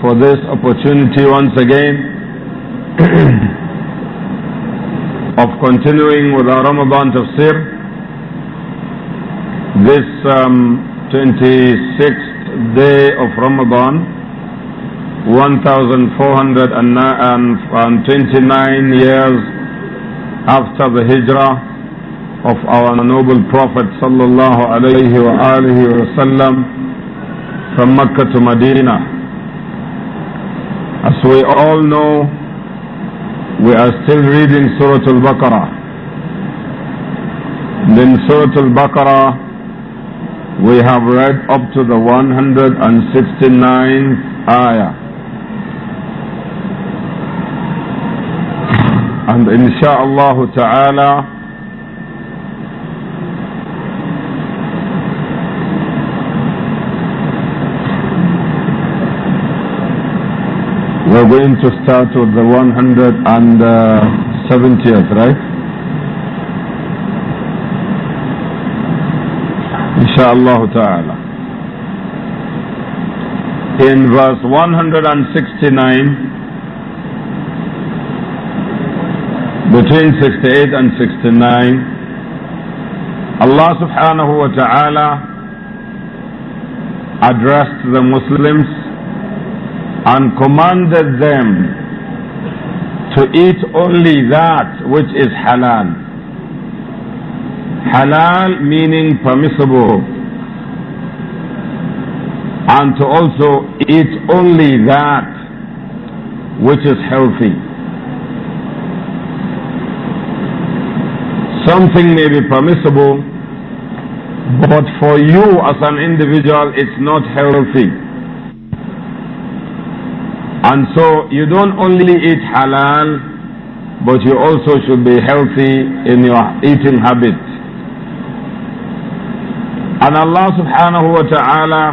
for this opportunity once again of continuing with our Ramadan tafsir this um, 26th day of Ramadan 1429 years after the hijrah of our noble prophet sallallahu alaihi wasallam from Mecca to Medina as we all know, we are still reading Surah Al-Baqarah. Then Surah Al-Baqarah, we have read up to the 169th ayah. And insha'Allah ta'ala, We're going to start with the 170th, right? Insha'Allah ta'ala. In verse 169, between 68 and 69, Allah subhanahu wa ta'ala addressed the Muslims and commanded them to eat only that which is halal. Halal meaning permissible. And to also eat only that which is healthy. Something may be permissible, but for you as an individual, it's not healthy. And so you don't only eat halal, but you also should be healthy in your eating habit. And Allah subhanahu wa ta'ala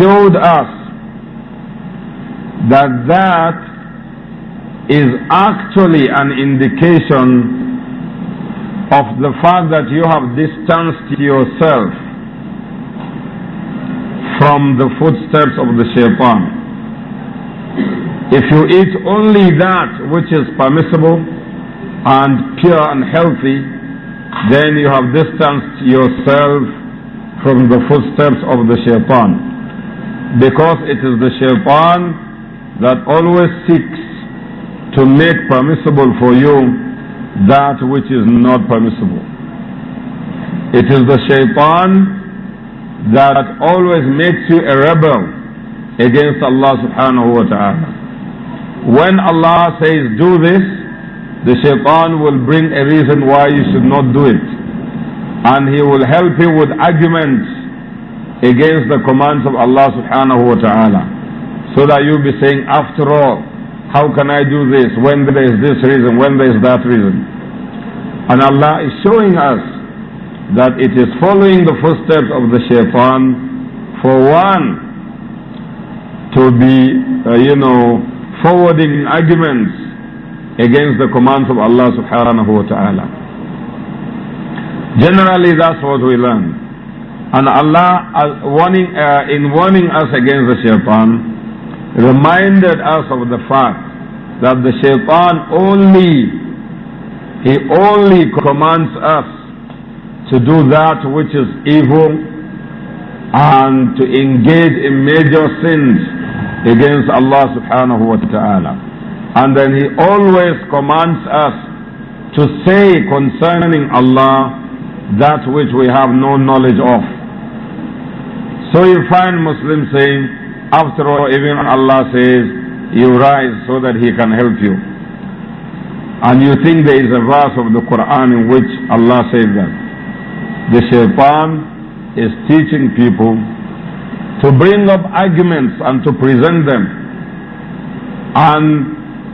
showed us that that is actually an indication of the fact that you have distanced yourself from the footsteps of the shaitan. If you eat only that which is permissible and pure and healthy, then you have distanced yourself from the footsteps of the shaitan. Because it is the shaitan that always seeks to make permissible for you that which is not permissible. It is the shaitan that always makes you a rebel against Allah subhanahu wa ta'ala. When Allah says do this, the shaitan will bring a reason why you should not do it. And he will help you with arguments against the commands of Allah subhanahu wa ta'ala. So that you'll be saying, after all, how can I do this when there is this reason, when there is that reason? And Allah is showing us that it is following the footsteps of the shaitan for one to be, uh, you know, forwarding arguments against the commands of Allah subhanahu wa ta'ala. Generally, that's what we learn. And Allah, uh, warning, uh, in warning us against the shaitan, reminded us of the fact that the shaitan only, he only commands us to do that which is evil and to engage in major sins against Allah subhanahu wa ta'ala. And then He always commands us to say concerning Allah that which we have no knowledge of. So you find Muslims saying, after all, even Allah says, you rise so that He can help you. And you think there is a verse of the Quran in which Allah says that. The shaitan is teaching people to bring up arguments and to present them and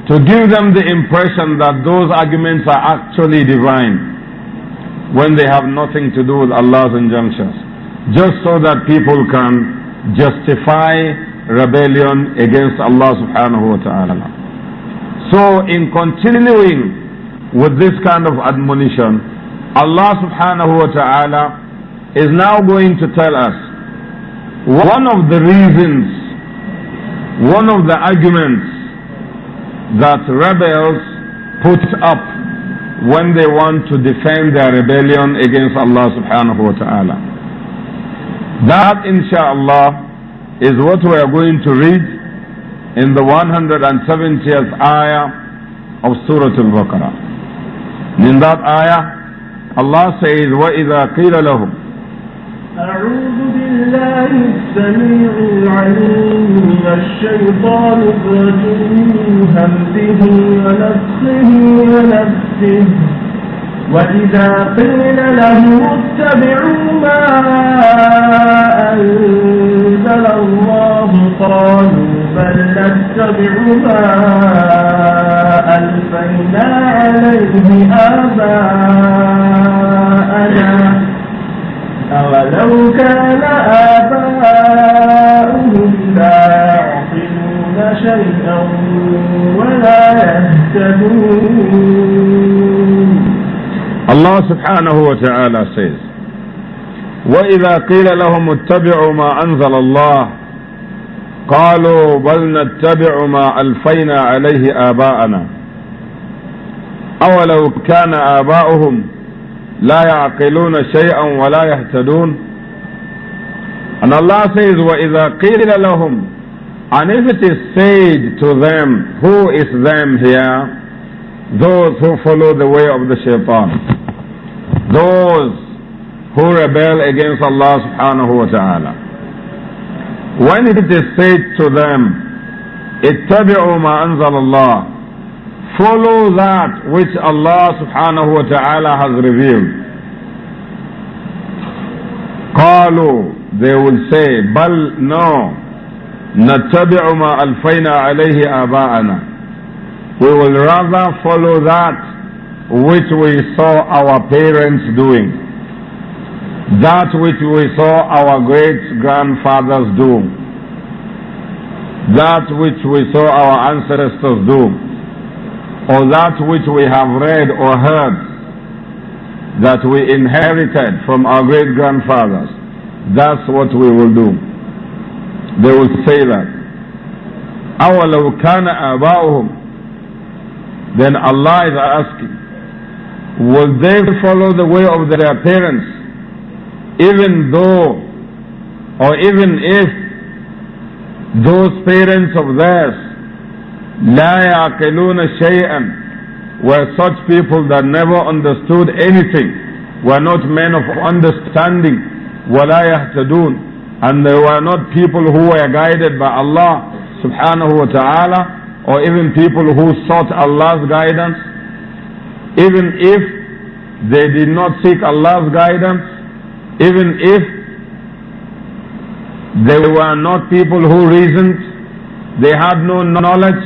to give them the impression that those arguments are actually divine when they have nothing to do with Allah's injunctions, just so that people can justify rebellion against Allah subhanahu wa ta'ala. So in continuing with this kind of admonition, Allah subhanahu wa ta'ala is now going to tell us one of the reasons, one of the arguments that rebels put up when they want to defend their rebellion against Allah subhanahu wa ta'ala. That insha'Allah is what we are going to read in the 170th ayah of Surah Al-Baqarah. In that ayah, Allah says, وَإِذَا قِيلَ لَهُمْ أعوذ بالله السميع العليم من الشيطان الرجيم همزه ونفسه ونفسه وإذا قيل له اتبعوا ما أنزل الله قالوا بل نتبع ما ألفينا عليه آباءنا أولو كان آباؤهم لا يعقلون شيئا ولا يهتدون الله سبحانه وتعالى سيد وإذا قيل لهم اتبعوا ما أنزل الله قالوا بل نتبع ما ألفينا عليه آباءنا أولو كان آباؤهم لا يعقلون شيئا ولا يهتدون and Allah says وَإِذَا قِيلَ لَهُمْ and if it is said to them who is them here those who follow the way of the shaitan those who rebel against Allah subhanahu wa ta'ala when it is said to them اتبعوا ما أنزل الله follow that which Allah subhanahu wa ta'ala has revealed. قالوا they will say بل no نتبع ما ألفينا عليه آباءنا we will rather follow that which we saw our parents doing that which we saw our great grandfathers do that which we saw our ancestors do or that which we have read or heard that we inherited from our great grandfathers, that's what we will do. They will say that. Then Allah is asking, will they follow the way of their parents, even though, or even if those parents of theirs لا يعقلون شيئا were such people that never understood anything, were not men of understanding, وَلَا يَهْتَدُونَ And they were not people who were guided by Allah subhanahu wa ta'ala, or even people who sought Allah's guidance. Even if they did not seek Allah's guidance, even if they were not people who reasoned, they had no knowledge,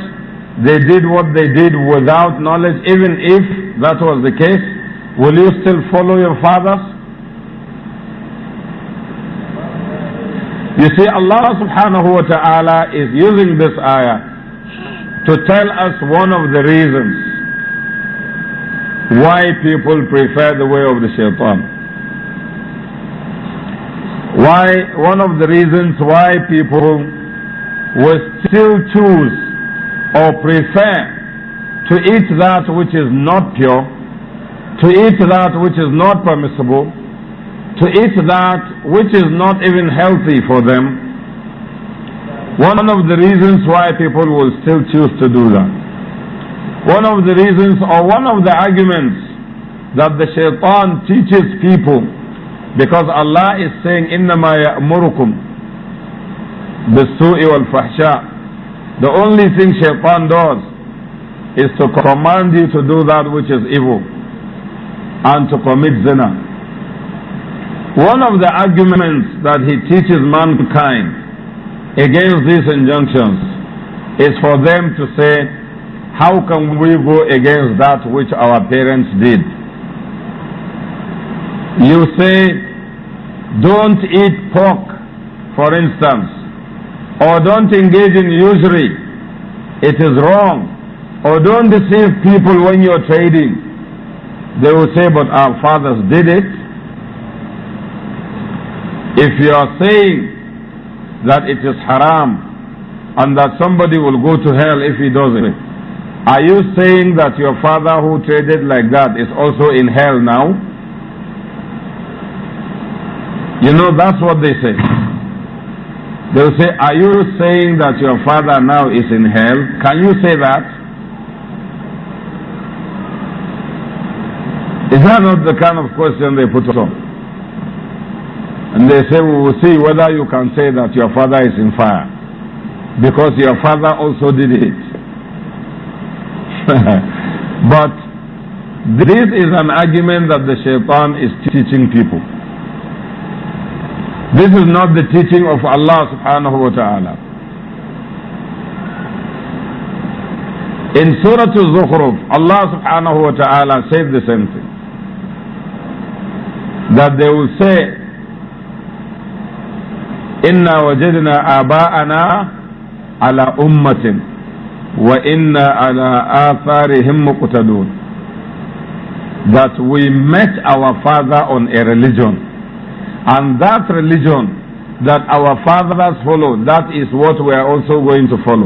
they did what they did without knowledge, even if that was the case, will you still follow your fathers? You see, Allah subhanahu wa ta'ala is using this ayah to tell us one of the reasons why people prefer the way of the shaitan why one of the reasons why people will still choose or prefer to eat that which is not pure, to eat that which is not permissible, to eat that which is not even healthy for them. One of the reasons why people will still choose to do that. One of the reasons or one of the arguments that the shaitan teaches people because Allah is saying, إِنَّمَا يَأْمُرُكُمْ بِالسُّوءِ وَالْفَحْشَاءِ the only thing shaitan does is to command you to do that which is evil and to commit zina. One of the arguments that he teaches mankind against these injunctions is for them to say, how can we go against that which our parents did? You say, don't eat pork, for instance or don't engage in usury, it is wrong. Or don't deceive people when you're trading. They will say, but our fathers did it. If you are saying that it is haram and that somebody will go to hell if he does it, are you saying that your father who traded like that is also in hell now? You know, that's what they say. They'll say, Are you saying that your father now is in hell? Can you say that? Is that not the kind of question they put on? And they say, We will see whether you can say that your father is in fire. Because your father also did it. but this is an argument that the shaitan is teaching people. This is not the teaching of Allah subhanahu wa ta'ala. In Surah Al-Zukhruf, Allah subhanahu wa ta'ala said the same thing. That they will say, إِنَّا وَجَدْنَا آبَاءَنَا عَلَى أُمَّةٍ وَإِنَّا عَلَى آثَارِهِمْ مُقْتَدُونَ That we met our father on a religion and that religion that our fathers followed, that is what we are also going to follow.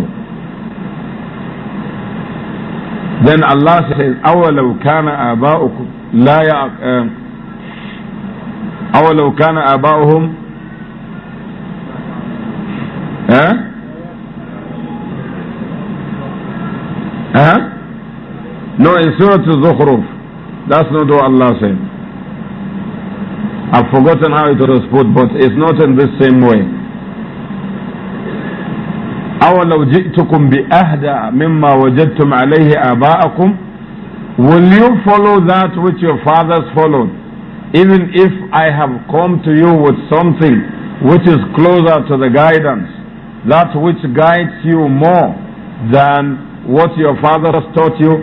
Then Allah says, أَوَلَوْ كَانَ آبَاؤُكُمْ لَا يَعْقِلُونَ أولو كان اباوهم ها ها no in surah al that's not what Allah I've forgotten how it was put, but it's not in the same way. أولو جئتكم بأهدى مما وجدتم عليه آباءكم Will you follow that which your fathers followed? Even if I have come to you with something which is closer to the guidance, that which guides you more than what your fathers taught you,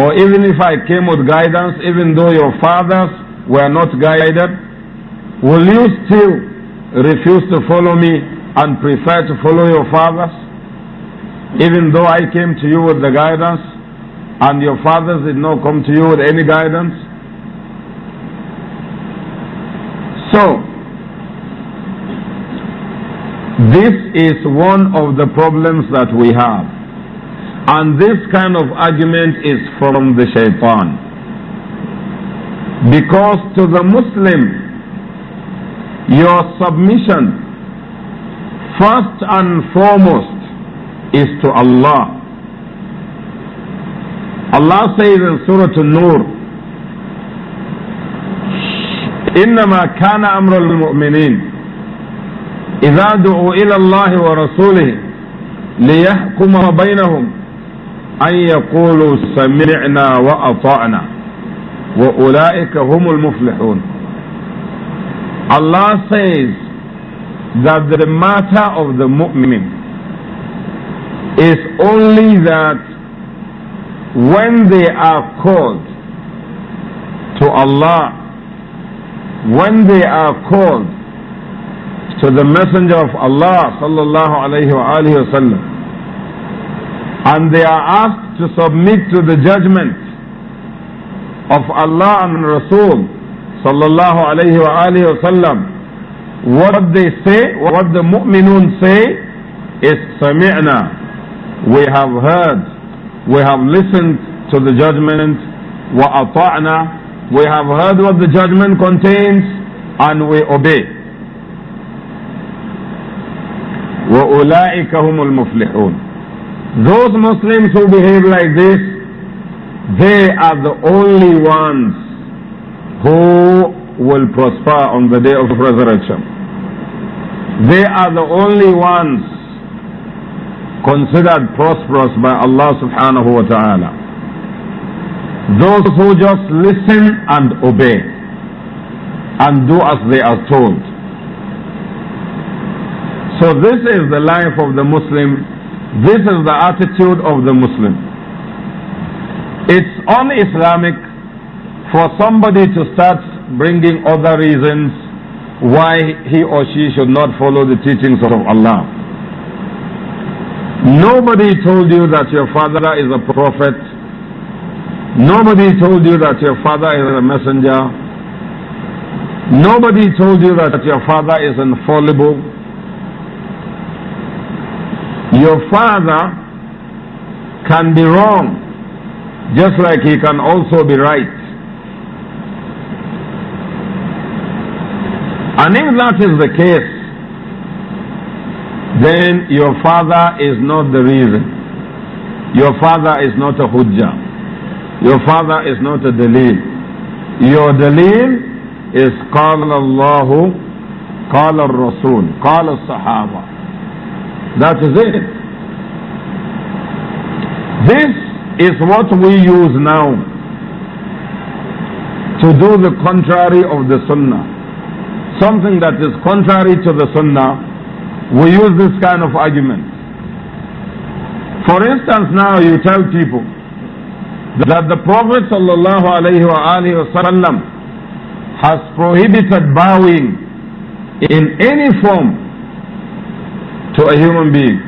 or even if I came with guidance, even though your fathers were not guided, Will you still refuse to follow me and prefer to follow your fathers? Even though I came to you with the guidance and your fathers did not come to you with any guidance? So, this is one of the problems that we have. And this kind of argument is from the shaitan. Because to the Muslim, Your submission, first and foremost, is to Allah. Allah says in Surah An-Nur, إنما كان أمر المؤمنين إذا دعوا إلى الله ورسوله ليحكم بينهم أن يقولوا سمعنا وأطعنا وأولئك هم المفلحون Allah says that the matter of the mu'min is only that when they are called to Allah, when they are called to the Messenger of Allah sallallahu alayhi wa and they are asked to submit to the judgment of Allah and Rasul sallallahu alayhi wa alihi wasallam, what they say, what the mu'minun say is sami'na. We have heard, we have listened to the judgment, wa ata'na. We have heard what the judgment contains and we obey. وَأُولَٰئِكَ هُمُ الْمُفْلِحُونَ Those Muslims who behave like this, they are the only ones who will prosper on the day of resurrection. They are the only ones considered prosperous by Allah subhanahu wa ta'ala. Those who just listen and obey and do as they are told. So this is the life of the Muslim. This is the attitude of the Muslim. It's un-Islamic for somebody to start bringing other reasons why he or she should not follow the teachings of Allah. Nobody told you that your father is a prophet. Nobody told you that your father is a messenger. Nobody told you that your father is infallible. Your father can be wrong, just like he can also be right. And if that is the case, then your father is not the reason. Your father is not a hujjah. Your father is not a dalil. Your dalil is قال الله قال الرسول قال Sahaba. That is it. This is what we use now to do the contrary of the sunnah something that is contrary to the sunnah, we use this kind of argument. For instance, now you tell people that the Prophet ﷺ has prohibited bowing in any form to a human being.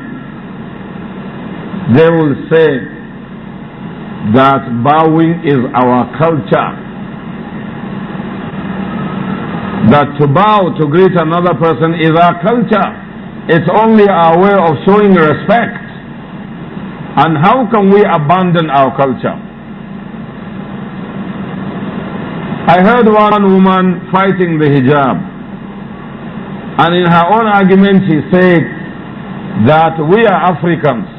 They will say that bowing is our culture. that to bow to greet another person is our culture. It's only our way of showing respect. And how can we abandon our culture? I heard one woman fighting the hijab. And in her own argument, she said that we are Africans.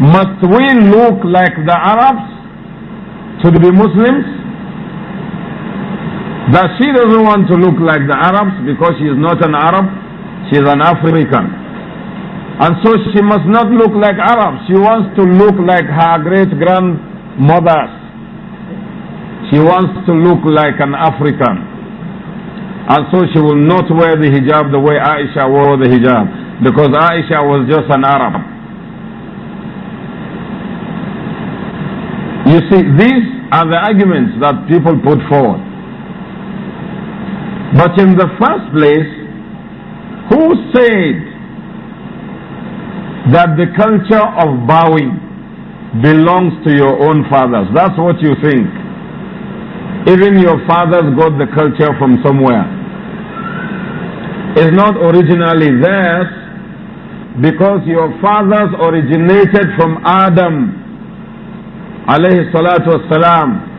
Must we look like the Arabs to be Muslims? That she doesn't want to look like the Arabs because she is not an Arab, she is an African. And so she must not look like Arabs. She wants to look like her great grandmothers. She wants to look like an African. And so she will not wear the hijab the way Aisha wore the hijab. Because Aisha was just an Arab. You see, these are the arguments that people put forward. But in the first place, who said that the culture of bowing belongs to your own fathers? That's what you think. Even your fathers got the culture from somewhere. It's not originally theirs because your fathers originated from Adam alayhi salatu wasalam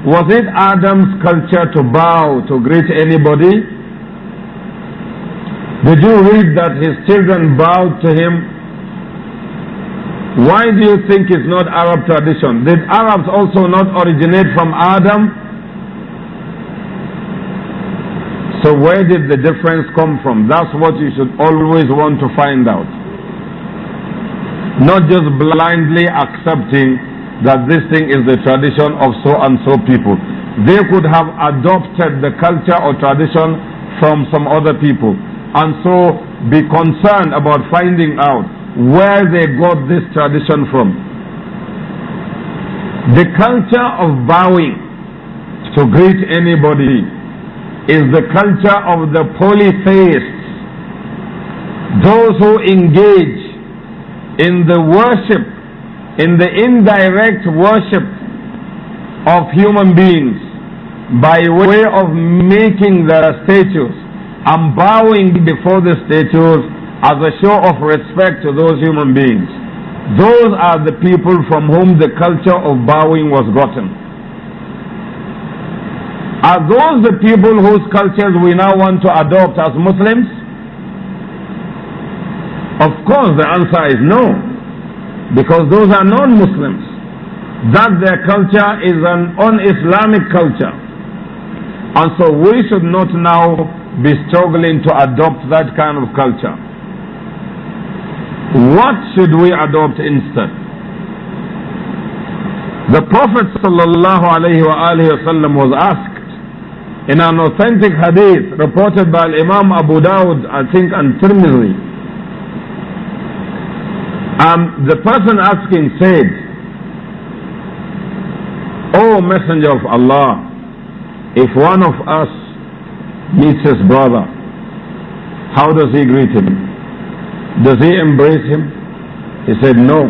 was it Adam's culture to bow to greet anybody? Did you read that his children bowed to him? Why do you think it's not Arab tradition? Did Arabs also not originate from Adam? So where did the difference come from? That's what you should always want to find out. Not just blindly accepting that this thing is the tradition of so and so people. They could have adopted the culture or tradition from some other people. And so be concerned about finding out where they got this tradition from. The culture of bowing to greet anybody is the culture of the polytheists, those who engage in the worship in the indirect worship of human beings by way of making the statues and bowing before the statues as a show of respect to those human beings. Those are the people from whom the culture of bowing was gotten. Are those the people whose cultures we now want to adopt as Muslims? Of course, the answer is no. Because those are non-Muslims. That their culture is an un-Islamic culture. And so we should not now be struggling to adopt that kind of culture. What should we adopt instead? The Prophet ﷺ was asked in an authentic hadith reported by Imam Abu Dawud, I think, and Tirmidhi, um, the person asking said, O Messenger of Allah, if one of us meets his brother, how does he greet him? Does he embrace him? He said, No.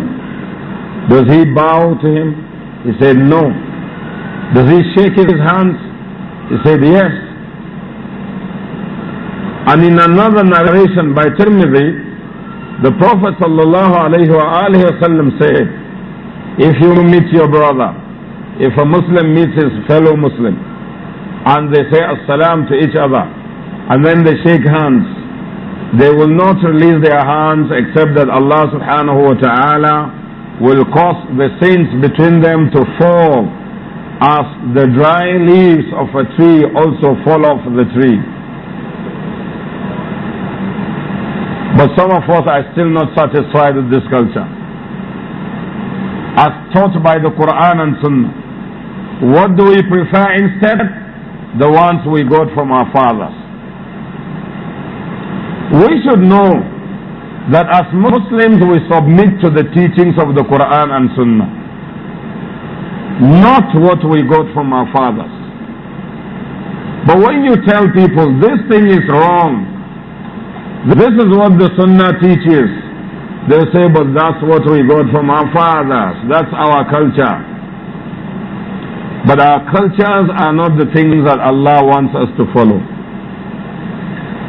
Does he bow to him? He said, No. Does he shake his hands? He said, Yes. And in another narration by Tirmidhi, the Prophet ﷺ said, if you meet your brother, if a Muslim meets his fellow Muslim, and they say as-salam to each other, and then they shake hands, they will not release their hands except that Allah subhanahu wa ta'ala will cause the saints between them to fall as the dry leaves of a tree also fall off the tree. But some of us are still not satisfied with this culture. As taught by the Quran and Sunnah, what do we prefer instead? The ones we got from our fathers. We should know that as Muslims we submit to the teachings of the Quran and Sunnah, not what we got from our fathers. But when you tell people this thing is wrong, this is what the Sunnah teaches. They say, but that's what we got from our fathers. That's our culture. But our cultures are not the things that Allah wants us to follow.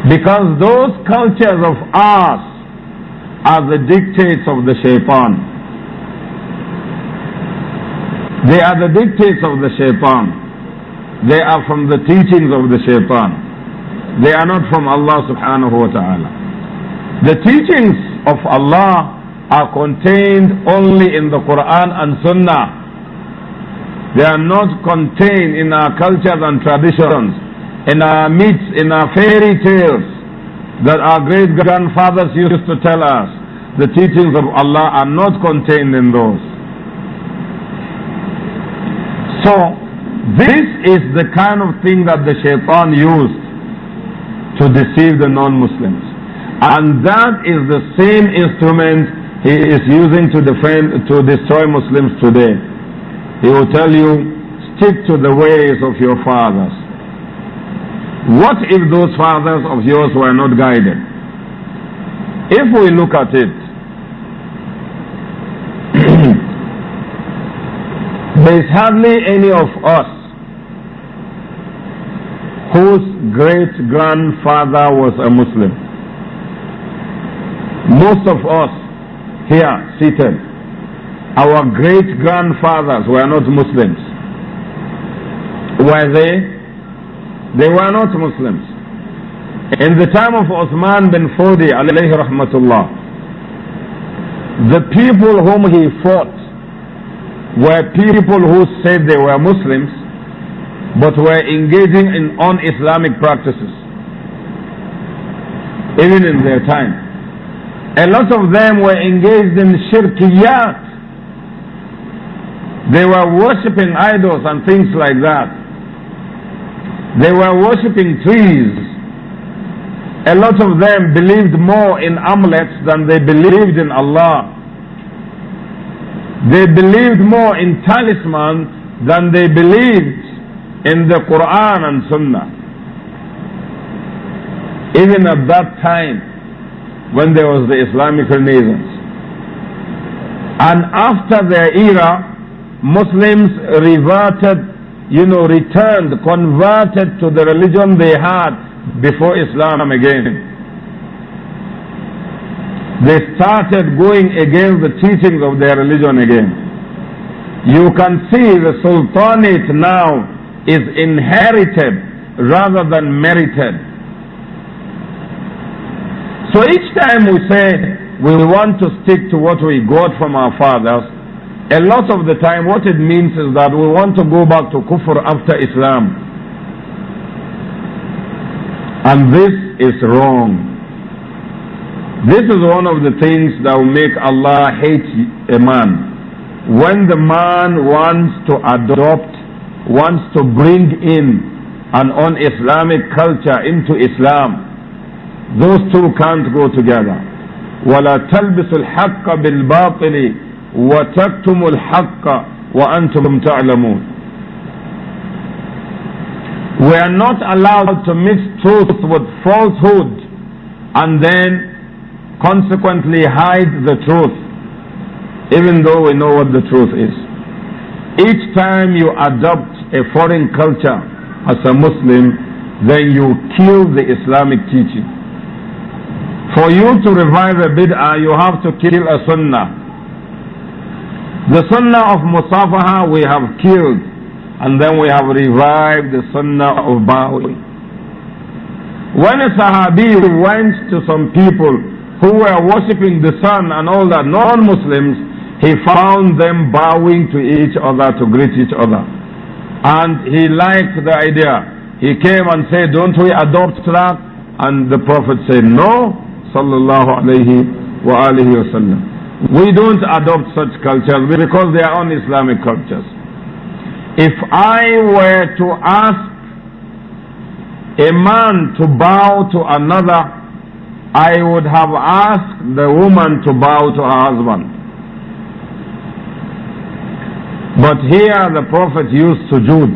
Because those cultures of ours are the dictates of the shaitan. They are the dictates of the shaitan. They are from the teachings of the shaitan. They are not from Allah subhanahu wa ta'ala. The teachings of Allah are contained only in the Quran and Sunnah. They are not contained in our cultures and traditions, in our myths, in our fairy tales that our great grandfathers used to tell us. The teachings of Allah are not contained in those. So, this is the kind of thing that the shaitan used to deceive the non-Muslims. And that is the same instrument he is using to defend, to destroy Muslims today. He will tell you, stick to the ways of your fathers. What if those fathers of yours were not guided? If we look at it, there is hardly any of us whose great grandfather was a Muslim. Most of us here seated, our great grandfathers were not Muslims. Were they? They were not Muslims. In the time of Uthman bin Fodi, alayhi rahmatullah, the people whom he fought were people who said they were Muslims, but were engaging in un-Islamic practices, even in their time. A lot of them were engaged in shirkiyat. They were worshipping idols and things like that. They were worshipping trees. A lot of them believed more in amulets than they believed in Allah. They believed more in talismans than they believed in the Quran and Sunnah. Even at that time, when there was the Islamic Renaissance. And after their era, Muslims reverted, you know, returned, converted to the religion they had before Islam again. They started going against the teachings of their religion again. You can see the Sultanate now is inherited rather than merited. So each time we say we want to stick to what we got from our fathers, a lot of the time what it means is that we want to go back to kufr after Islam. And this is wrong. This is one of the things that will make Allah hate a man. When the man wants to adopt wants to bring in an un-Islamic culture into Islam, those two can't go together. وَلَا تَلْبِسُ الْحَقَّ بِالْبَاطِلِ وَتَكْتُمُ الْحَقَّ وَأَنْتُمْ تَعْلَمُونَ we are not allowed to mix truth with falsehood and then consequently hide the truth, even though we know what the truth is. Each time you adopt a foreign culture as a Muslim, then you kill the Islamic teaching. For you to revive a bid'ah, you have to kill a sunnah. The sunnah of Musafaha we have killed, and then we have revived the sunnah of Bawi. When a Sahabi went to some people who were worshipping the sun and all that, non Muslims, he found them bowing to each other to greet each other. And he liked the idea. He came and said, don't we adopt that? And the Prophet said, no, sallallahu alayhi wa wasallam. We don't adopt such cultures because they are un-Islamic cultures. If I were to ask a man to bow to another, I would have asked the woman to bow to her husband. But here the Prophet used sujood.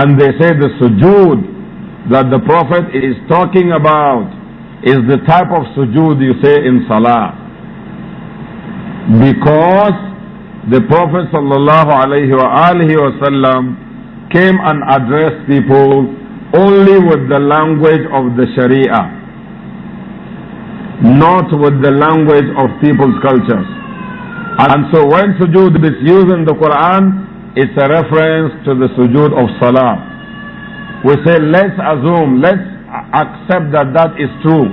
And they say the sujood that the Prophet is talking about is the type of sujood you say in salah. Because the Prophet sallallahu came and addressed people only with the language of the Sharia, not with the language of people's cultures. And so when sujood is used in the Quran, it's a reference to the sujood of salah. We say, let's assume, let's accept that that is true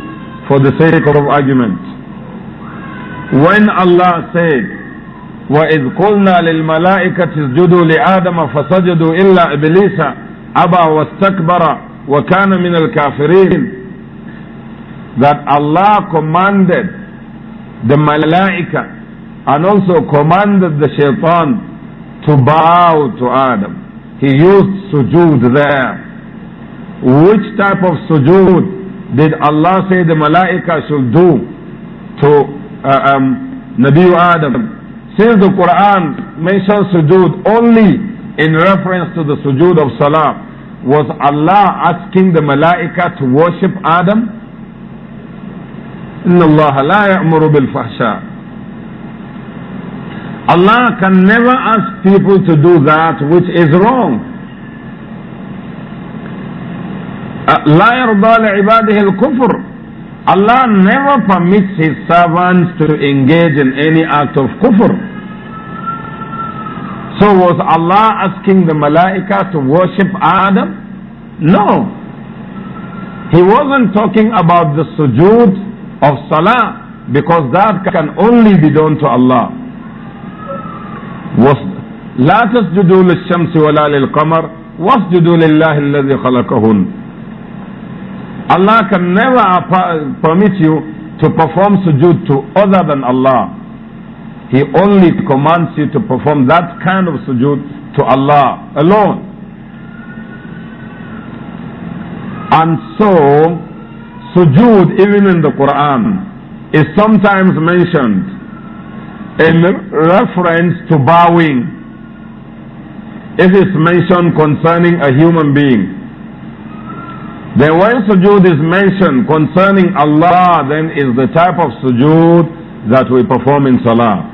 for the sake of argument. When Allah said, وإذ قلنا للملائكة اسجدوا لآدم فسجدوا إلا إبليس أبى واستكبر وكان من الكافرين that Allah commanded the malaika and also commanded the shaitan to bow to Adam. He used sujood there. Which type of sujood did Allah say the malaika should do to uh, um, Nabi Adam? Since the Quran mentions sujood only in reference to the sujood of salah, was Allah asking the malaika to worship Adam? إن الله لا يأمر بالفحشاء Allah can never ask people to do that which is wrong. لا uh, الكفر Allah never permits his servants to engage in any act of kufr. So was Allah asking the malaika to worship Adam? No. He wasn't talking about the sujood of salah because that can only be done to Allah. لا تسجدوا للشمس ولا للقمر واسجدوا لله الذي خلقهن Allah can never permit you to perform sujood to other than Allah. He only commands you to perform that kind of sujood to Allah alone. And so, sujood, even in the Quran, is sometimes mentioned in reference to bowing if it's mentioned concerning a human being. Then when sujood is mentioned concerning Allah, then is the type of sujood that we perform in salah.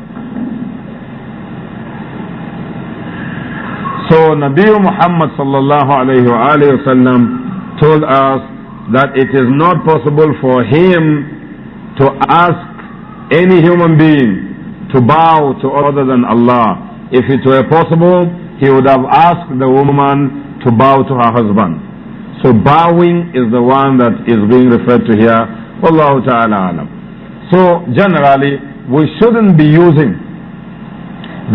So Nabi Muhammad sallallahu alayhi wa sallam told us that it is not possible for him to ask any human being to bow to other than Allah. If it were possible, he would have asked the woman to bow to her husband. So bowing is the one that is being referred to here. Wallahu ta'ala alam. So generally, we shouldn't be using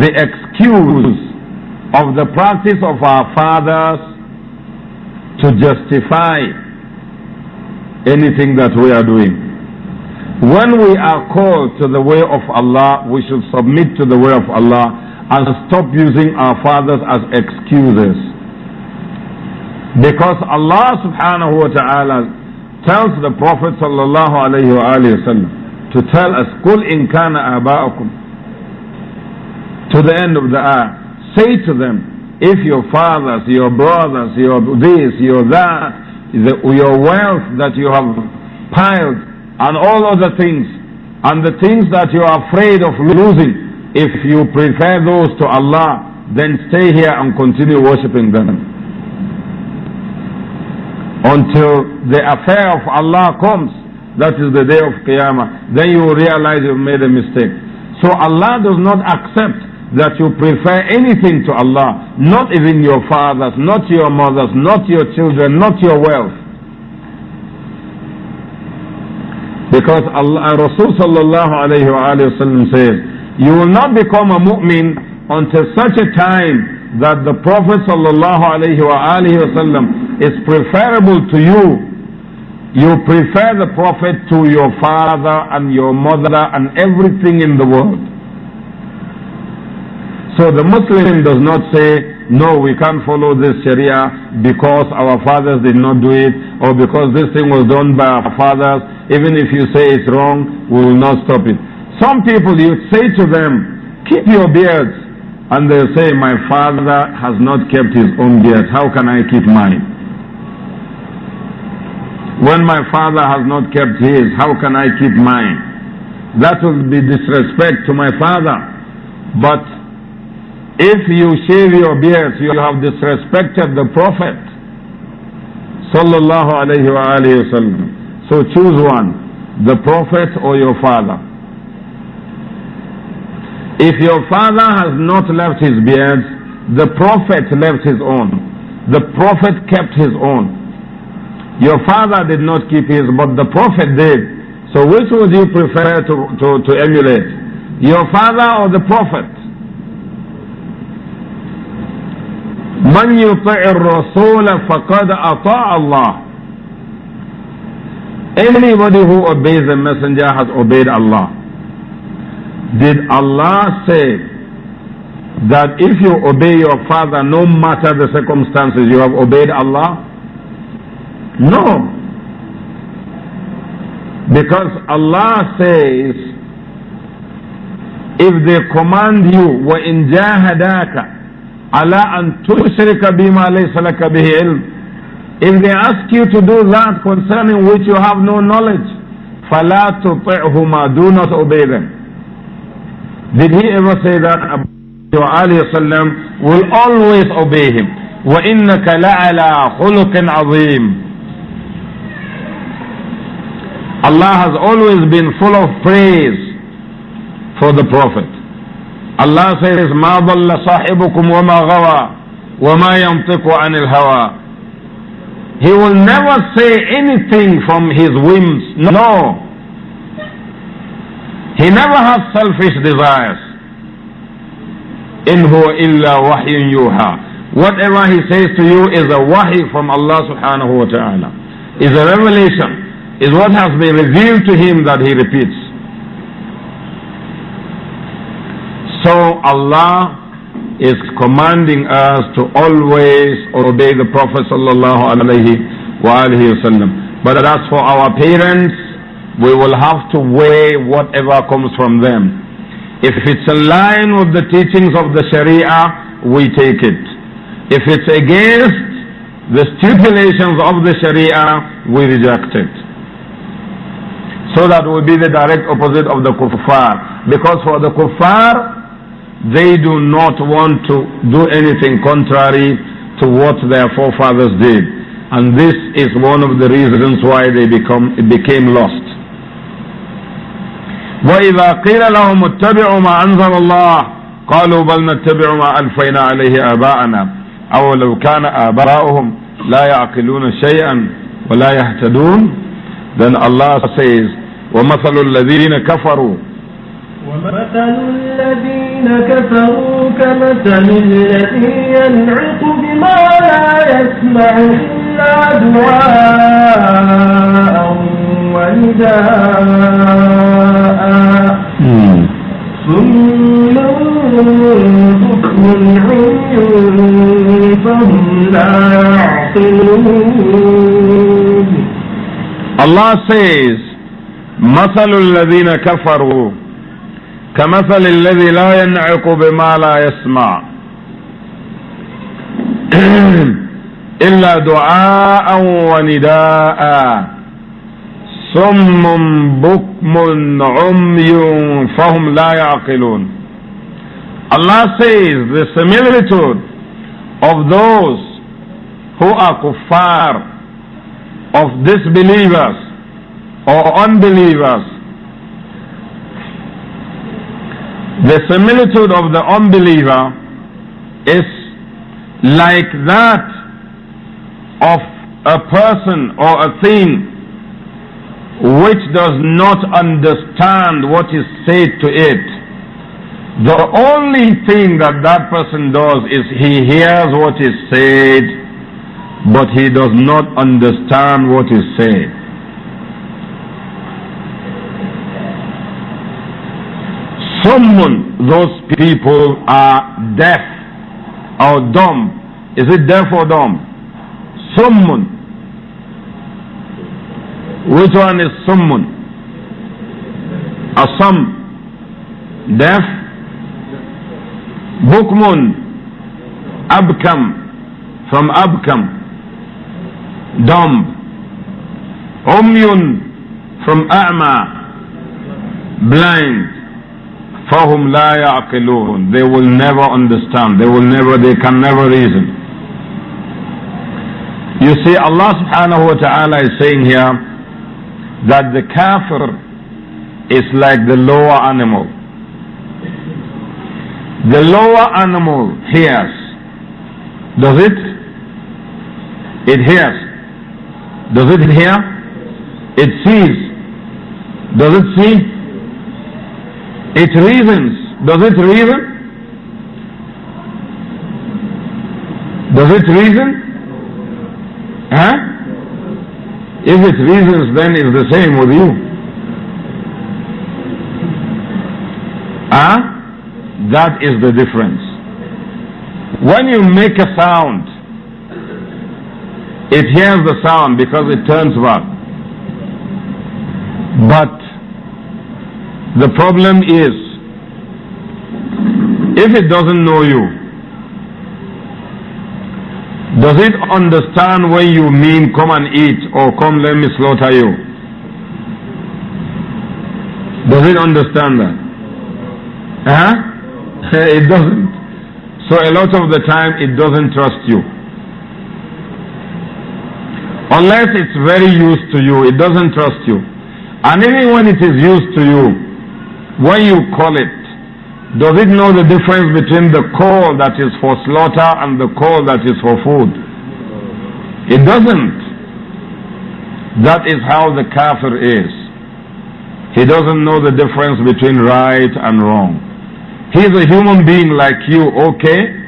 the excuse of the practice of our fathers to justify anything that we are doing. When we are called to the way of Allah, we should submit to the way of Allah and stop using our fathers as excuses. Because Allah subhanahu wa ta'ala tells the Prophet sallallahu alayhi wa to tell us, قُلْ إِن كَانَ آبَاءُكُمْ To the end of the ayah, say to them, if your fathers, your brothers, your this, your that, the, your wealth that you have piled and all other things and the things that you are afraid of losing if you prefer those to Allah then stay here and continue worshipping them until the affair of Allah comes that is the day of Qiyamah then you will realize you've made a mistake so Allah does not accept that you prefer anything to Allah, not even your fathers, not your mothers, not your children, not your wealth. Because Allah, Rasul sallallahu alayhi wa sallam said, you will not become a mu'min until such a time that the Prophet sallallahu alayhi wa sallam is preferable to you. You prefer the Prophet to your father and your mother and everything in the world. So the Muslim does not say, no, we can't follow this Sharia because our fathers did not do it or because this thing was done by our fathers even if you say it's wrong, we will not stop it. Some people, you say to them, keep your beards. And they say, my father has not kept his own beard. How can I keep mine? When my father has not kept his, how can I keep mine? That would be disrespect to my father. But if you shave your beards, you have disrespected the Prophet. Sallallahu alayhi wa alayhi wa sallam. So choose one, the Prophet or your father. If your father has not left his beard, the Prophet left his own. The Prophet kept his own. Your father did not keep his, but the Prophet did. So which would you prefer to, to, to emulate? Your father or the Prophet? من يطع الرسول فقد أطاع الله Anybody who obeys the messenger has obeyed Allah. Did Allah say that if you obey your father, no matter the circumstances, you have obeyed Allah? No. Because Allah says, if they command you, وَإِن جَاهَدَاكَ عَلَىٰ أَن تُشْرِكَ بِمَا لَيْسَ لَكَ بِهِ عِلْمٍ if they ask you to do that concerning which you have no knowledge, فَلَا تُطِعْهُمَا Do not obey them. Did he ever say that? Abu Ali will always obey him. وَإِنَّكَ لَعَلَى خُلُقٍ عَظِيمٍ Allah has always been full of praise for the Prophet. Allah says, مَا ضَلَّ صَاحِبُكُمْ وَمَا غَوَى وَمَا يَنطِقُ عَنِ الْهَوَى he will never say anything from his whims. No. He never has selfish desires. In illa wahyun yuha. Whatever he says to you is a wahi from Allah subhanahu wa ta'ala. Is a revelation. Is what has been revealed to him that he repeats. So Allah is commanding us to always obey the Prophet sallallahu alaihi wasallam. But as for our parents, we will have to weigh whatever comes from them. If it's in line with the teachings of the Sharia, we take it. If it's against the stipulations of the Sharia, we reject it. So that will be the direct opposite of the kuffar. Because for the kuffar, they do not want to do anything contrary to what their forefathers did. And this is one of the reasons why they become, became lost. وإذا قيل لهم اتبعوا ما أنزل الله قالوا بل نتبع ما ألفينا عليه آباءنا أو لو كان آباؤهم لا يعقلون شيئا ولا يهتدون then Allah says ومثل الذين كفروا ومثل الذين كفروا كمثل الذي ينعق بما لا يسمع إلا دعاء ونداء ثم فهم لا يعقلون Allah says, مثل الذين كفروا كمثل الذي لا ينعق بما لا يسمع إلا دعاء ونداء صم بكم عمي فهم لا يعقلون Allah says the similitude of those who are kuffar, of disbelievers or unbelievers The similitude of the unbeliever is like that of a person or a thing which does not understand what is said to it. The only thing that that person does is he hears what is said, but he does not understand what is said. Someone. those people are deaf or dumb. Is it deaf or dumb? Someone. Which one is A Asam. Deaf. Bukmun. Abkam. From Abkam. Dumb. Umyun. From A'ma. Blind. فهم لا يعقلون they will never understand they will never they can never reason you see Allah subhanahu wa ta'ala is saying here that the kafir is like the lower animal the lower animal hears does it it hears does it hear it sees does it see it reasons. Does it reason? Does it reason? Huh? If it reasons, then it's the same with you. Huh? Ah? That is the difference. When you make a sound, it hears the sound because it turns what. But the problem is, if it doesn't know you, does it understand when you mean come and eat or come let me slaughter you? Does it understand that? Huh? It doesn't. So a lot of the time it doesn't trust you. Unless it's very used to you, it doesn't trust you. And even when it is used to you, when you call it, does it know the difference between the call that is for slaughter and the call that is for food? It doesn't. That is how the kafir is. He doesn't know the difference between right and wrong. He is a human being like you, okay?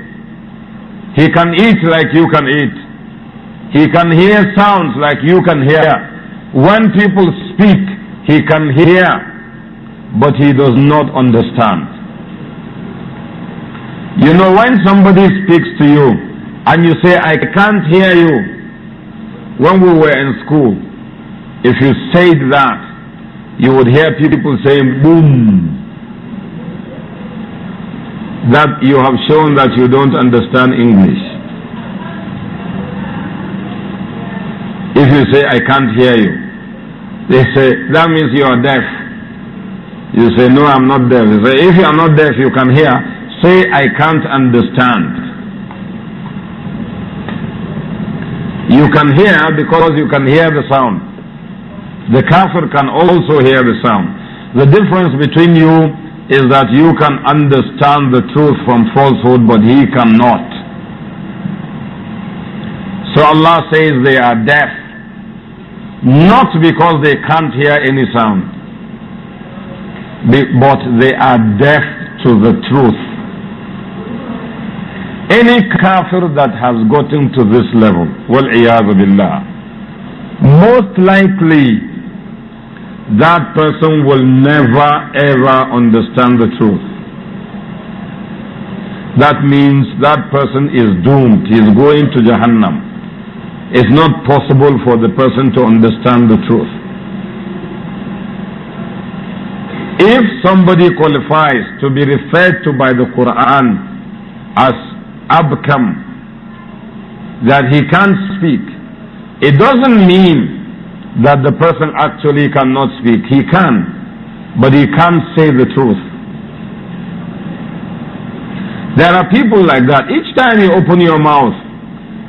He can eat like you can eat. He can hear sounds like you can hear. When people speak, he can hear but he does not understand. You know, when somebody speaks to you and you say, I can't hear you, when we were in school, if you said that, you would hear people saying, boom. That you have shown that you don't understand English. If you say, I can't hear you, they say, that means you are deaf. You say, no, I'm not deaf. You say, if you are not deaf, you can hear. Say, I can't understand. You can hear because you can hear the sound. The kafir can also hear the sound. The difference between you is that you can understand the truth from falsehood, but he cannot. So Allah says they are deaf, not because they can't hear any sound but they are deaf to the truth. Any kafir that has gotten to this level, well, billah, most likely that person will never ever understand the truth. That means that person is doomed. He is going to Jahannam. It's not possible for the person to understand the truth. if somebody qualifies to be referred to by the Quran as abkam, that he can't speak, it doesn't mean that the person actually cannot speak. He can, but he can't say the truth. There are people like that. Each time you open your mouth,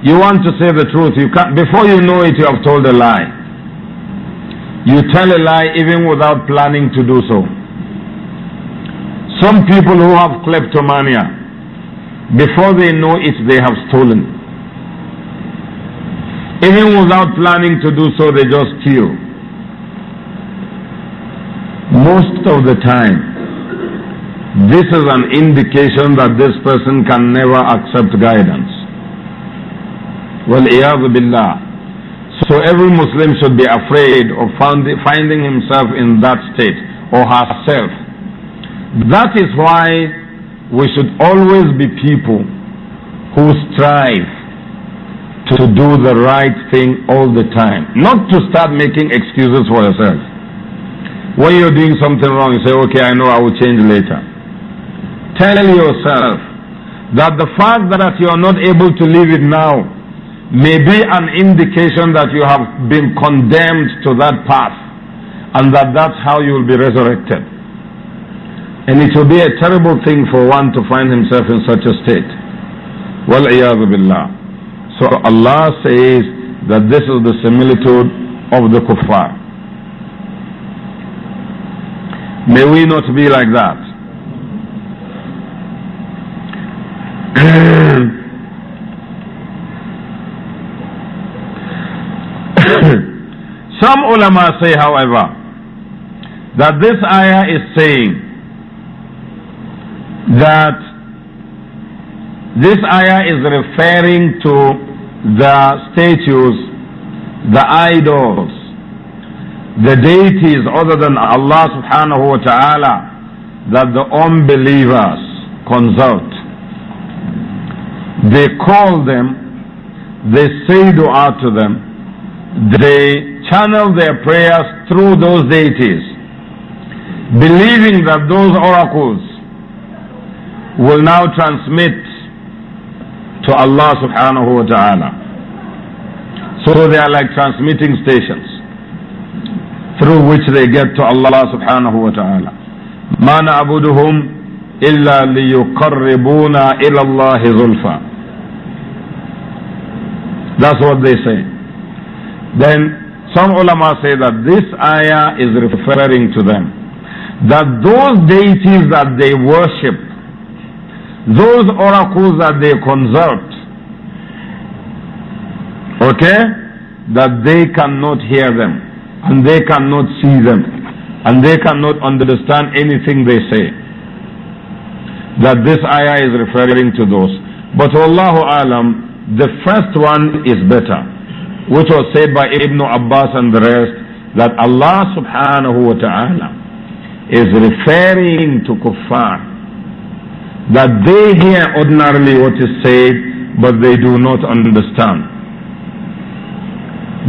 you want to say the truth. You can't, before you know it, you have told a lie. You tell a lie even without planning to do so. Some people who have kleptomania, before they know it, they have stolen. Even without planning to do so, they just steal. Most of the time, this is an indication that this person can never accept guidance. Well, billah. So every Muslim should be afraid of finding himself in that state or herself that is why we should always be people who strive to do the right thing all the time. Not to start making excuses for yourself. When you're doing something wrong, you say, okay, I know I will change later. Tell yourself that the fact that you are not able to leave it now may be an indication that you have been condemned to that path and that that's how you will be resurrected. And it will be a terrible thing for one to find himself in such a state. وَالْعِيَاذُ بِاللَّهِ So Allah says that this is the similitude of the kuffar. May we not be like that. Some ulama say, however, that this ayah is saying that this ayah is referring to the statues, the idols, the deities other than Allah subhanahu wa ta'ala that the unbelievers consult. They call them, they say dua to them, they channel their prayers through those deities, believing that those oracles will now transmit to Allah subhanahu wa ta'ala. So they are like transmitting stations through which they get to Allah subhanahu wa ta'ala. ما نعبدهم إلا ليقربونا إلى الله زلفى That's what they say. Then some ulama say that this ayah is referring to them. That those deities that they worship those oracles that they consult, okay, that they cannot hear them, and they cannot see them, and they cannot understand anything they say. That this ayah is referring to those. But Allahu Alam, the first one is better, which was said by Ibn Abbas and the rest, that Allah subhanahu wa ta'ala is referring to kuffar that they hear ordinarily what is said, but they do not understand.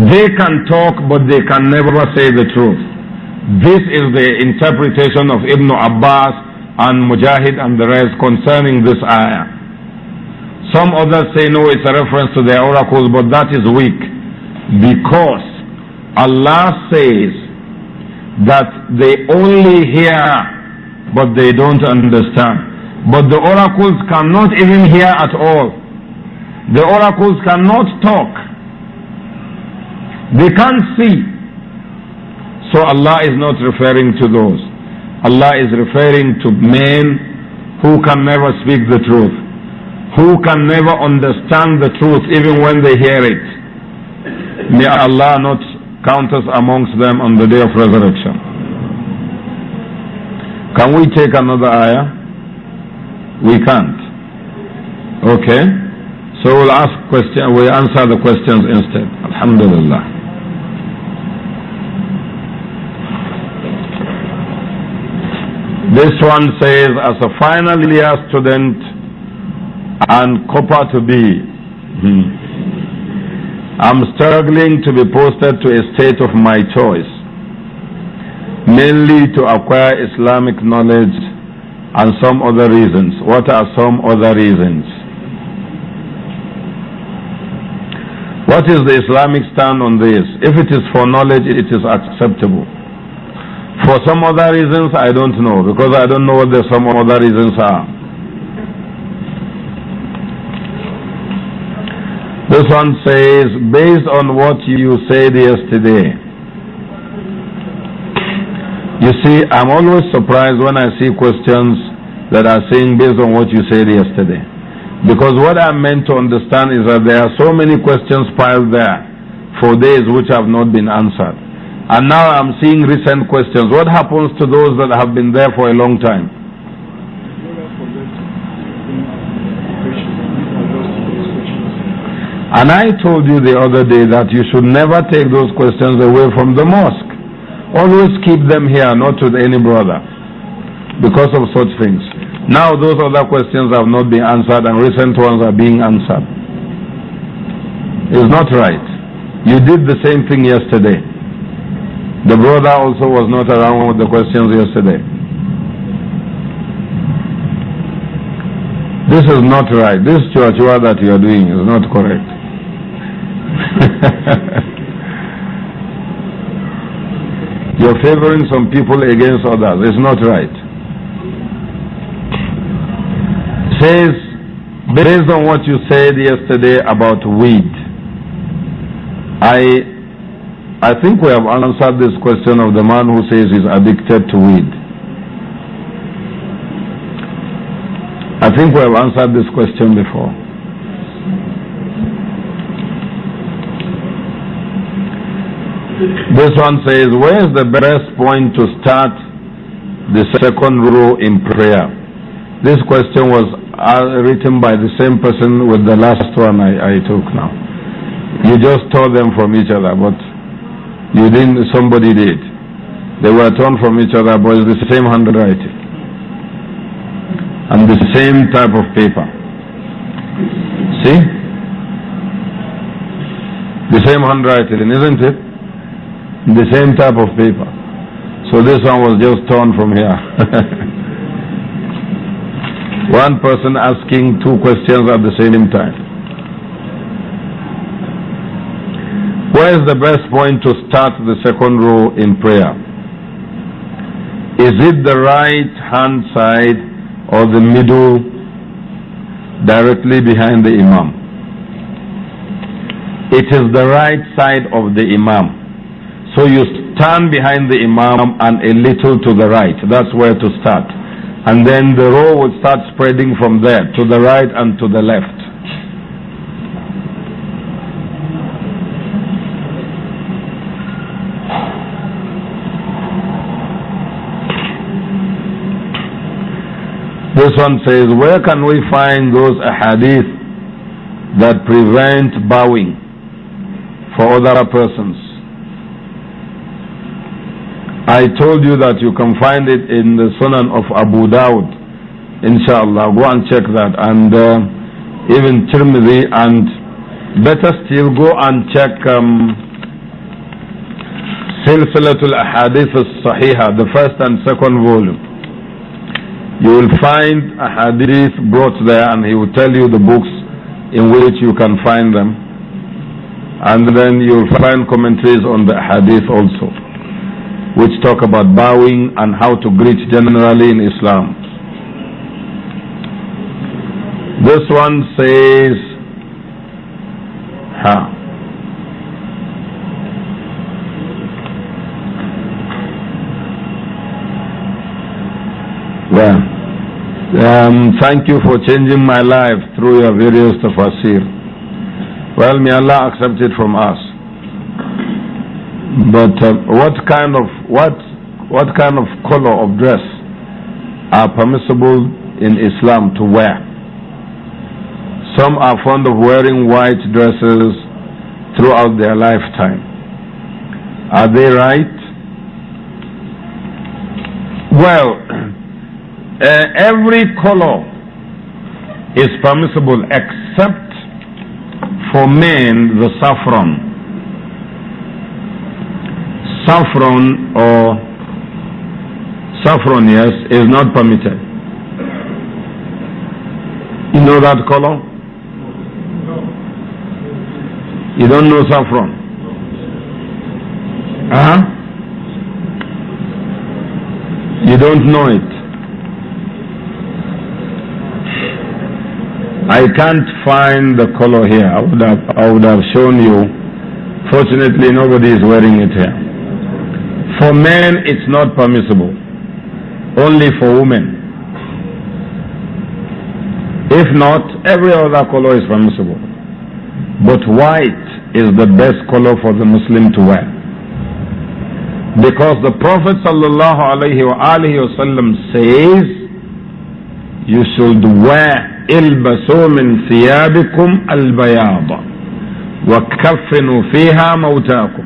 They can talk, but they can never say the truth. This is the interpretation of Ibn Abbas and Mujahid and the rest concerning this ayah. Some others say no, it's a reference to their oracles, but that is weak because Allah says that they only hear but they don't understand. But the oracles cannot even hear at all. The oracles cannot talk. They can't see. So Allah is not referring to those. Allah is referring to men who can never speak the truth, who can never understand the truth even when they hear it. May Allah not count us amongst them on the day of resurrection. Can we take another ayah? We can't. Okay? So we'll ask question, we answer the questions instead. Alhamdulillah. This one says, as a final year student and copper to be, hmm, I'm struggling to be posted to a state of my choice, mainly to acquire Islamic knowledge and some other reasons. What are some other reasons? What is the Islamic stand on this? If it is for knowledge, it is acceptable. For some other reasons, I don't know, because I don't know what the some other reasons are. This one says, based on what you said yesterday, you see, I'm always surprised when I see questions that are saying based on what you said yesterday. Because what I'm meant to understand is that there are so many questions piled there for days which have not been answered. And now I'm seeing recent questions. What happens to those that have been there for a long time? And I told you the other day that you should never take those questions away from the mosque. Always keep them here, not with any brother, because of such things. Now those other questions have not been answered and recent ones are being answered. It's not right. You did the same thing yesterday. The brother also was not around with the questions yesterday. This is not right. This church that you are doing is not correct. You're favoring some people against others. It's not right. Says, based on what you said yesterday about weed, I, I think we have answered this question of the man who says he's addicted to weed. I think we have answered this question before. This one says, where is the best point to start the second row in prayer? This question was uh, written by the same person with the last one I, I took now. You just tore them from each other, but you didn't, somebody did. They were torn from each other, but it's the same handwriting and the same type of paper. See? The same handwriting, isn't it? The same type of paper. So this one was just torn from here. one person asking two questions at the same time. Where is the best point to start the second row in prayer? Is it the right hand side or the middle directly behind the Imam? It is the right side of the Imam. So you stand behind the Imam and a little to the right. That's where to start. And then the row will start spreading from there to the right and to the left. This one says, where can we find those ahadith that prevent bowing for other persons? I told you that you can find it in the Sunan of Abu Dawud. Inshallah, go and check that. And uh, even Tirmidhi, and better still, go and check um, Silsilatul Ahadith Sahiha, the first and second volume. You will find a hadith brought there, and he will tell you the books in which you can find them. And then you'll find commentaries on the hadith also which talk about bowing and how to greet generally in Islam. This one says, ha. Well, um, thank you for changing my life through your various tafasir. Well, may Allah accept it from us. But uh, what kind of what what kind of color of dress are permissible in Islam to wear. Some are fond of wearing white dresses throughout their lifetime. Are they right? Well, uh, every color is permissible except for men the saffron saffron or saffron, yes, is not permitted. You know that color? You don't know saffron? Huh? You don't know it. I can't find the color here. I would have, I would have shown you. Fortunately, nobody is wearing it here. For men, it's not permissible, only for women. If not, every other color is permissible. But white is the best color for the Muslim to wear. Because the Prophet ﷺ says, you should wear البسوا من ثيابكم البياض وكفنوا فيها موتاكم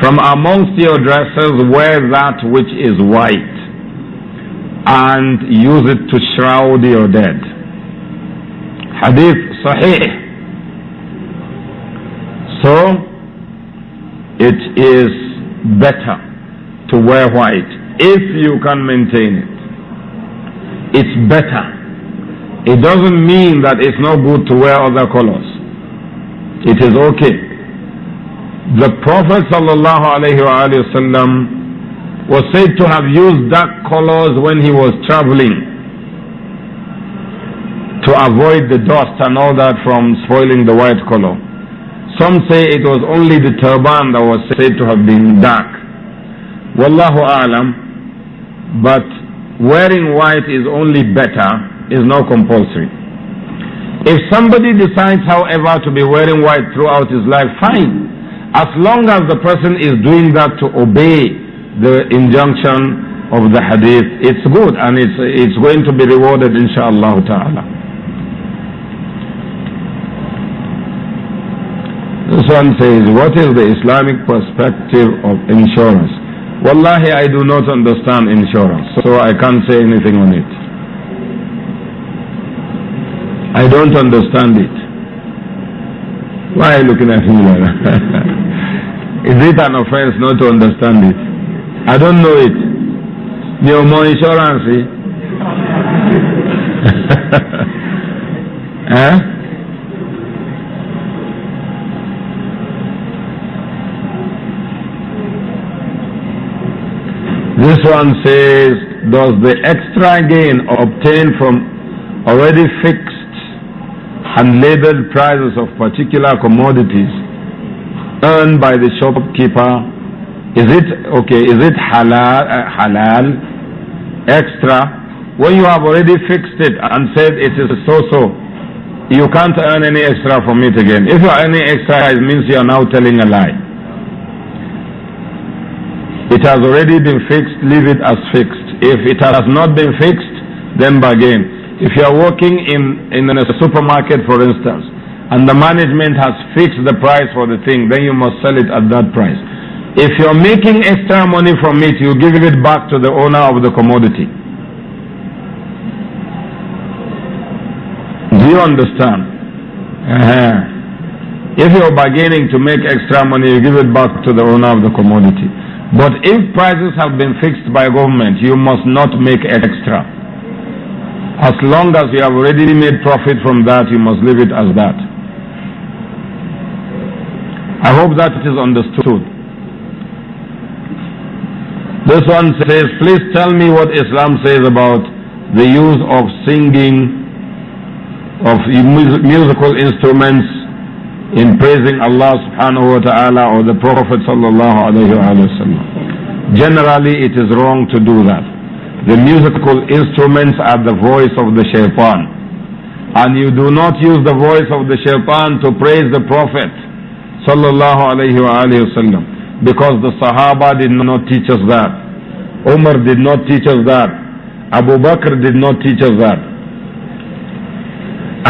from amongst your dresses, wear that which is white and use it to shroud your dead. Hadith Sahih. So, it is better to wear white if you can maintain it. It's better. It doesn't mean that it's not good to wear other colors. It is okay. The Prophet ﷺ was said to have used dark colors when he was traveling to avoid the dust and all that from spoiling the white color. Some say it was only the turban that was said to have been dark. Wallahu alam, but wearing white is only better, is not compulsory. If somebody decides, however, to be wearing white throughout his life, fine. As long as the person is doing that to obey the injunction of the hadith, it's good and it's, it's going to be rewarded inshallah ta'ala. This one says, what is the Islamic perspective of insurance? Wallahi, I do not understand insurance, so I can't say anything on it. I don't understand it. Why are you looking at me like that? Is it an offense not to understand it? I don't know it. Your more insurance. Eh? huh? This one says, does the extra gain obtained from already fixed and labeled prices of particular commodities earned by the shopkeeper is it okay is it halal uh, halal extra when you have already fixed it and said it is so so you can't earn any extra from it again if you earn any extra it means you are now telling a lie it has already been fixed leave it as fixed if it has not been fixed then bargain if you are working in, in a supermarket, for instance, and the management has fixed the price for the thing, then you must sell it at that price. If you're making extra money from it, you give it back to the owner of the commodity. Do you understand? Uh -huh. If you're bargaining to make extra money, you give it back to the owner of the commodity. But if prices have been fixed by government, you must not make extra. As long as you have already made profit from that, you must leave it as that. I hope that it is understood. This one says, please tell me what Islam says about the use of singing of musical instruments in praising Allah subhanahu wa ta'ala or the Prophet sallallahu alayhi wa Generally, it is wrong to do that. The musical instruments are the voice of the shaitan. And you do not use the voice of the shaitan to praise the Prophet sallallahu alayhi wa Because the Sahaba did not teach us that. Umar did not teach us that. Abu Bakr did not teach us that.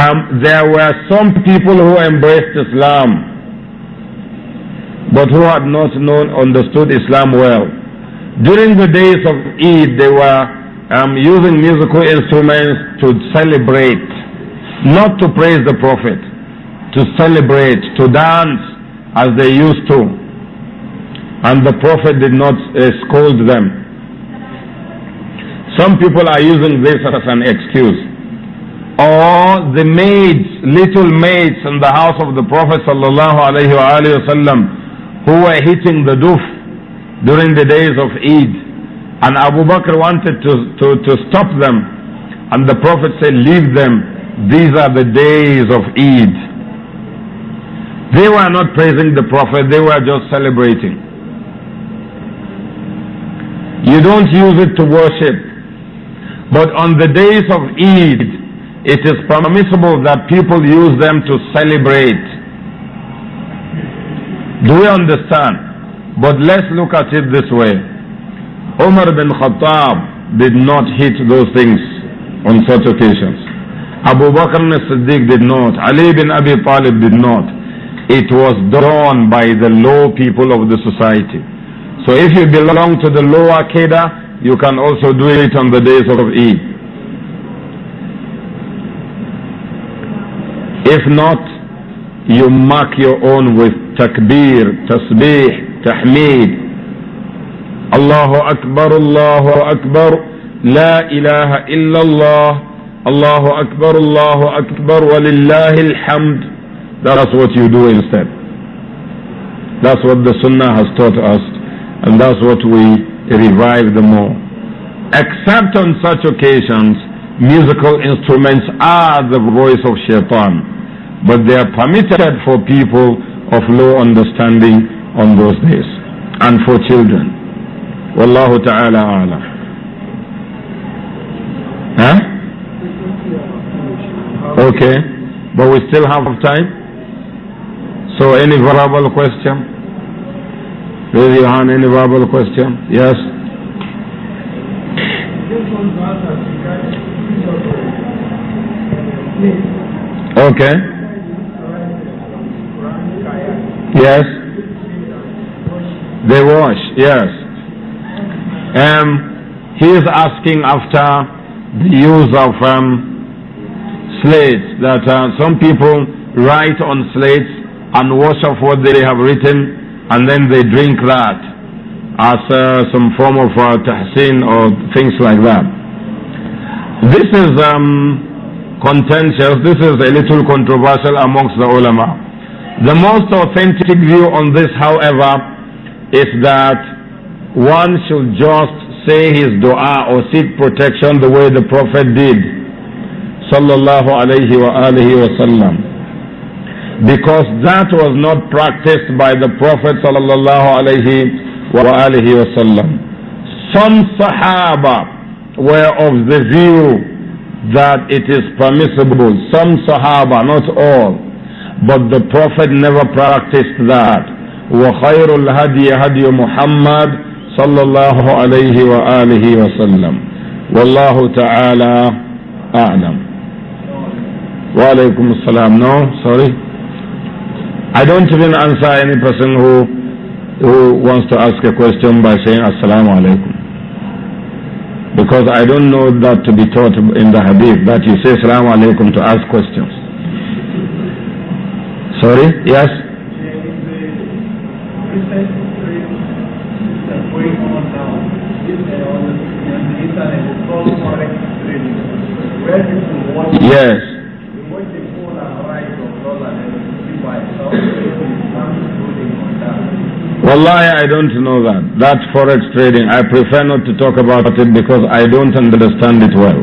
Um, there were some people who embraced Islam, but who had not known, understood Islam well. During the days of Eid, they were um, using musical instruments to celebrate, not to praise the Prophet, to celebrate, to dance as they used to. And the Prophet did not uh, scold them. Some people are using this as an excuse. Or the maids, little maids in the house of the Prophet sallallahu alaihi wasallam, who were hitting the doof during the days of Eid. And Abu Bakr wanted to, to, to stop them. And the Prophet said, Leave them. These are the days of Eid. They were not praising the Prophet, they were just celebrating. You don't use it to worship. But on the days of Eid, it is permissible that people use them to celebrate. Do we understand? But let's look at it this way. Umar bin Khattab did not hit those things on such occasions. Abu Bakr al siddiq did not. Ali bin Abi Talib did not. It was drawn by the low people of the society. So if you belong to the low Akedah, you can also do it on the days of Eid. If not, you mark your own with takbir, tasbih, تحميد الله أكبر الله أكبر لا إله إلا الله الله أكبر الله أكبر ولله الحمد That's what you do instead. That's what the Sunnah has taught us, and that's what we revive the more. Except on such occasions, musical instruments are the voice of shaitan, but they are permitted for people of low understanding on those days and for children. Wallahu ta'ala a'la. Huh? Okay, but we still have time. So any verbal question? Raise your hand, any verbal question? Yes? Okay. Yes. They wash, yes. Um, he is asking after the use of um, slates that uh, some people write on slates and wash off what they have written and then they drink that as uh, some form of uh, tahsin or things like that. This is um, contentious, this is a little controversial amongst the ulama. The most authentic view on this, however, is that one should just say his dua or seek protection the way the Prophet did. Sallallahu alayhi wa wasallam. Because that was not practiced by the Prophet sallallahu alayhi wa wasallam. Some Sahaba were of the view that it is permissible. Some Sahaba, not all. But the Prophet never practiced that. وخير الهدي هدي محمد صلى الله عليه وآله وسلم والله تعالى أعلم وعليكم السلام no sorry I don't even answer any person who who wants to ask a question by saying assalamu alaikum because I don't know that to be taught in the hadith that you say assalamu alaikum to ask questions sorry yes Yes. Wallahi, I don't know that. That's forex trading. I prefer not to talk about it because I don't understand it well.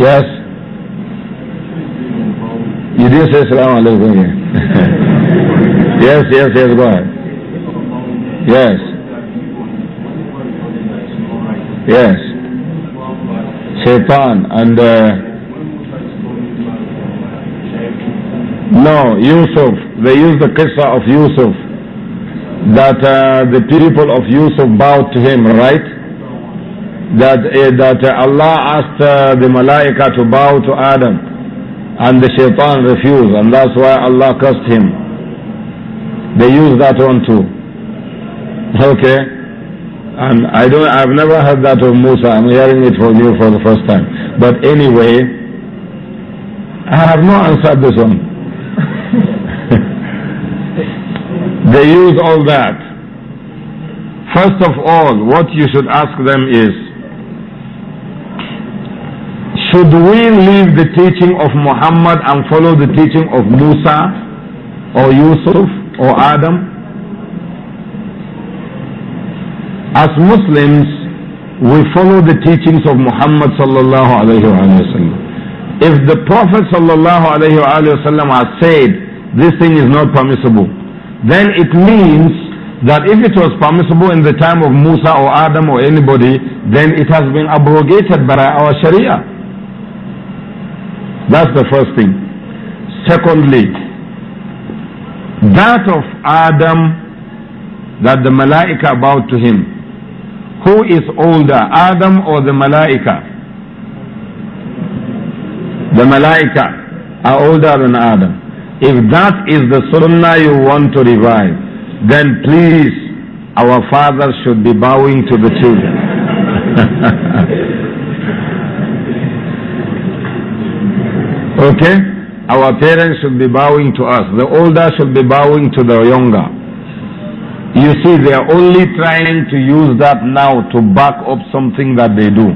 Yes? You did say salam alaikum. Yes, yes, yes, go Yes. Yes. Shaitan and uh, no, Yusuf. They use the qissa of Yusuf that uh, the people of Yusuf bowed to him, right? That uh, that Allah asked uh, the malaika to bow to Adam, and the shaitan refused, and that's why Allah cursed him. They use that one too. Okay. And I don't, I've never heard that of Musa. I'm hearing it from you for the first time. But anyway, I have not answered this one. they use all that. First of all, what you should ask them is, should we leave the teaching of Muhammad and follow the teaching of Musa or Yusuf? or Adam? As Muslims, we follow the teachings of Muhammad sallallahu alayhi wa If the Prophet sallallahu alayhi wa has said, this thing is not permissible, then it means that if it was permissible in the time of Musa or Adam or anybody, then it has been abrogated by our Sharia. That's the first thing. Secondly, that of Adam that the Malaika bowed to him. Who is older, Adam or the Malaika? The Malaika are older than Adam. If that is the Sunnah you want to revive, then please, our fathers should be bowing to the children. okay? our parents should be bowing to us. The older should be bowing to the younger. You see, they are only trying to use that now to back up something that they do.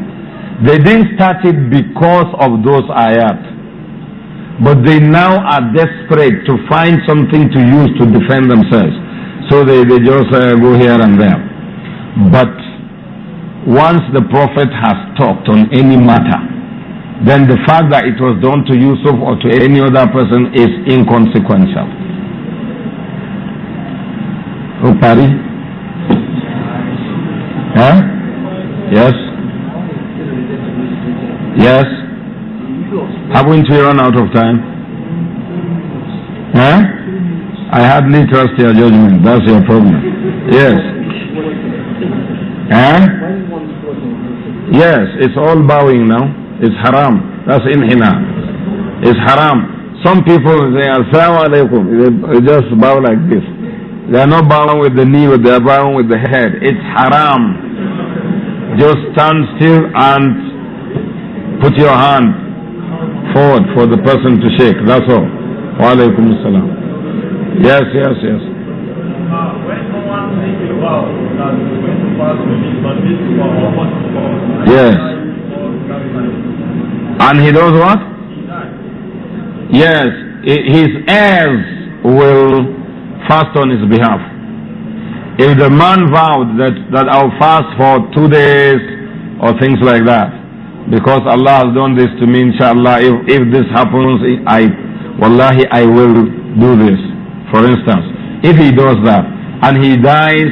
They didn't start it because of those ayat. But they now are desperate to find something to use to defend themselves. So they, they just uh, go here and there. But once the Prophet has talked on any matter, then the fact that it was done to Yusuf or to any other person is inconsequential. Upari? Huh? Yes? Yes? Haven't we run out of time? Huh? I hardly trust your judgment. That's your problem. Yes. Huh? Yes, it's all bowing now. It's haram. That's inhina. It's haram. Some people say, Assalamu alaikum. They just bow like this. They are not bowing with the knee, but they are bowing with the head. It's haram. Just stand still and put your hand forward for the person to shake. That's all. Wa alaikum assalam. Yes, yes, yes. Yes. And he does what? Yes, his heirs will fast on his behalf. If the man vowed that, that I'll fast for two days or things like that, because Allah has done this to me, inshallah, if, if this happens, I, wallahi, I will do this. For instance, if he does that and he dies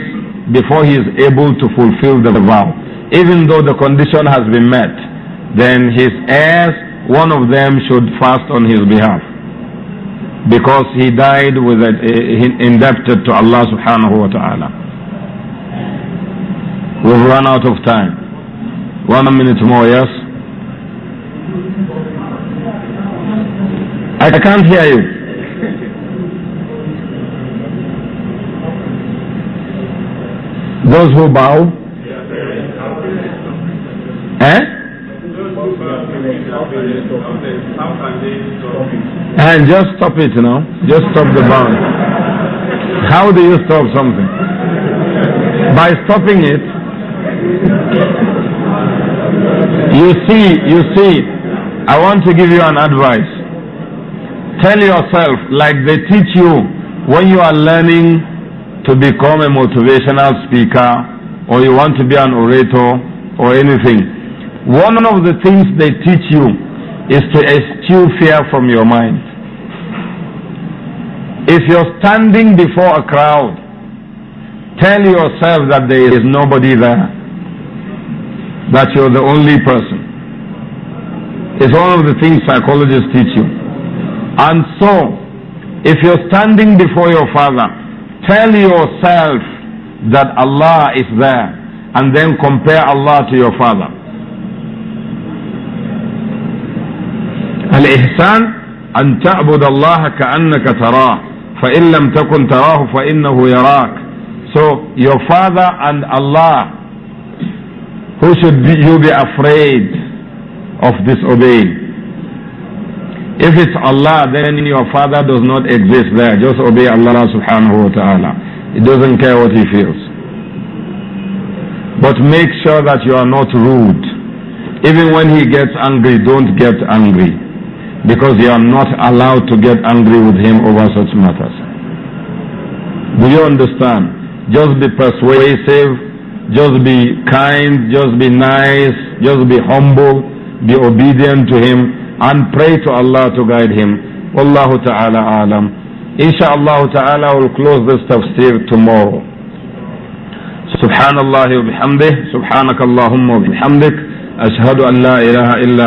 before he is able to fulfill the vow, even though the condition has been met, then his heirs, one of them should fast on his behalf. Because he died with a, indebted to Allah subhanahu wa ta'ala. We've run out of time. One minute more, yes? I can't hear you. Those who bow. Eh? And just stop it you now. Just stop the bomb. How do you stop something? By stopping it, you see, you see, I want to give you an advice. Tell yourself, like they teach you when you are learning to become a motivational speaker or you want to be an orator or anything one of the things they teach you is to eschew fear from your mind. If you're standing before a crowd, tell yourself that there is nobody there, that you're the only person. It's one of the things psychologists teach you. And so, if you're standing before your father, tell yourself that Allah is there and then compare Allah to your father. الإحسان أن تعبد الله كأنك تراه فإن لم تكن تراه فإنه يراك so your father and Allah who should be, you be afraid of disobeying if it's Allah then your father does not exist there just obey Allah subhanahu wa ta'ala he doesn't care what he feels but make sure that you are not rude even when he gets angry don't get angry because you are not allowed to get angry with him over such matters. Do you understand? Just be persuasive, just be kind, just be nice, just be humble, be obedient to him, and pray to Allah to guide him. Wallahu ta'ala alam. Insha'Allah ta'ala will close this tafsir tomorrow. Subhanallah الله وبحمده سبحانك اللهم وبحمدك أشهد أن لا إله إلا